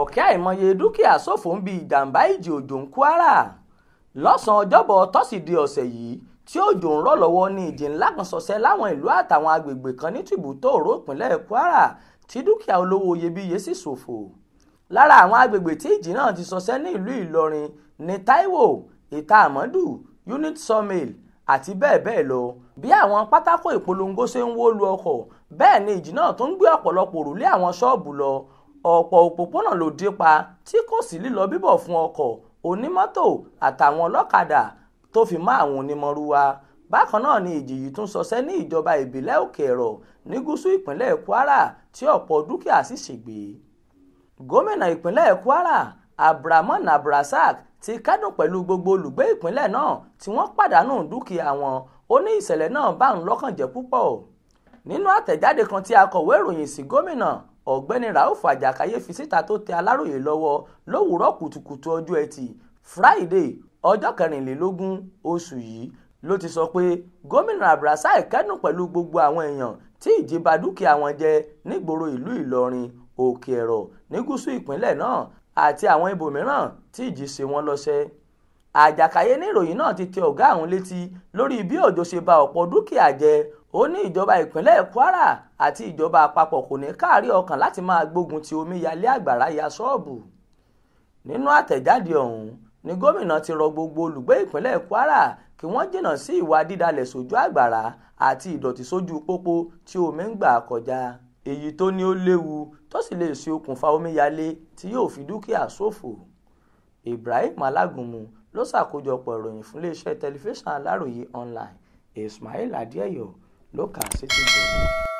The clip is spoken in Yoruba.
ọ̀kẹ́ àìmọye dúkìá ṣòfò ń bi ìjàmbá ìjì òjò ń Kwara lọ́sàn-án ọjọ́bọ̀ tọ́sídẹ̀ẹ́ ọ̀sẹ̀ yìí tí òjò ń rọ̀ lọ́wọ́ ní ìjì ńlá kan ṣọṣẹ́ láwọn ìlú àtàwọn agbègbè kan ní tìbútòòró ìpínlẹ̀ Kwara tí dúkìá olówó iyebíye sì ṣòfò lára àwọn agbègbè tí ìjì náà ti ṣọṣẹ́ ní ìlú Ìlọrin ní Taiwo Ìta Àmọ́dù Unit Sawmill àti bẹ́ẹ̀ bẹ́ẹ̀ lọ bí àwọn pátákó ìpolongo ṣe ń wó lu ọkọ̀ bẹ́ẹ̀ ni ìjì náà tó ń gbé ọ̀pọ̀lọpọ̀ òrùlé àwọn ṣọ́ọ̀bù lọ ọ̀pọ̀ òpópónà ló dí pa tí kò sí lílọ bíbọ̀ fún ọkọ̀ onímọ́tò àtàwọn ọlọ́kadà tó fi mọ́ àwọn onímọ̀rúwa bákan náà ni ìjì yìí tún ṣọṣẹ́ ní ìjọba ìbílẹ̀ òkè ẹ̀rọ ní gúúsù ìpínlẹ̀ kwara tí ọ̀pọ̀ dúkìá sì ṣègbè gómìnà ìpínlẹ̀ kwara abdulrahman abdulrasaq ti kẹ́dùn pẹ̀lú gbogbo olùgbé ìpínlẹ̀ náà tí wọ́n pàdánù dúkìá wọn ó ní ìṣẹ̀lẹ̀ náà bá ń lọ́kàn jẹ́ púpọ̀ nínú àtẹ̀jáde kan tí akọ̀wé ìròyìn sí gómìnà ọ̀gbẹ́ni rauf àjàkáyé fi síta tó tẹ aláròye lọ́wọ́ lówùúrọ̀ kùtùkùtù ọjọ́ ẹtì friday ọjọ́ kẹrìnlélógún oṣù yìí ló ti sọ pé gómìnà abdulrasaq kẹ́dùn pẹ̀lú gbogbo àwọn èèyàn tí ìjì ba dúkìá wọn jẹ nígboro ìlú ìlọrin òkè ẹ̀rọ ní gúúsù ìpínlẹ̀ náà àti àwọn ibòmíràn tí ìjì ṣe wọ́n lọ́sẹ̀ àjàkáyé ní ìròyìn náà ti tẹ ọ̀gá àwọn létí lórí bí òjò ṣe ba ọ̀pọ̀ dúkìá jẹ ó ní ìjọba ìpínlẹ̀ Kwara àti ìjọba àpapọ̀ kò ní káàrí ọkàn láti máa gbógun ti omíyalé àgbàrá ya ṣọ́ọ̀bù nínú àtẹ̀jáde ọ̀hún ni gómìnà ti rọ gbogbo olùgbé ìpínlẹ̀ Kwara kí wọ́n jìnnà sí ìwà dídalẹ̀ sójú àgbàrá àti ìdọ̀tí sójú pópó tí omi ń gbà kọjá èyí tó ní ó léwu tó sì lè ṣe okùnfà omíyalé tí yóò fi dúkìá ṣòfò Ibrahim Alágúnmu ló ṣàkójọpọ̀ ìròyìn fún iléeṣẹ́ tẹlifíṣàn Aláròye online Ismail Adéyọ̀ Loucaço, ele tem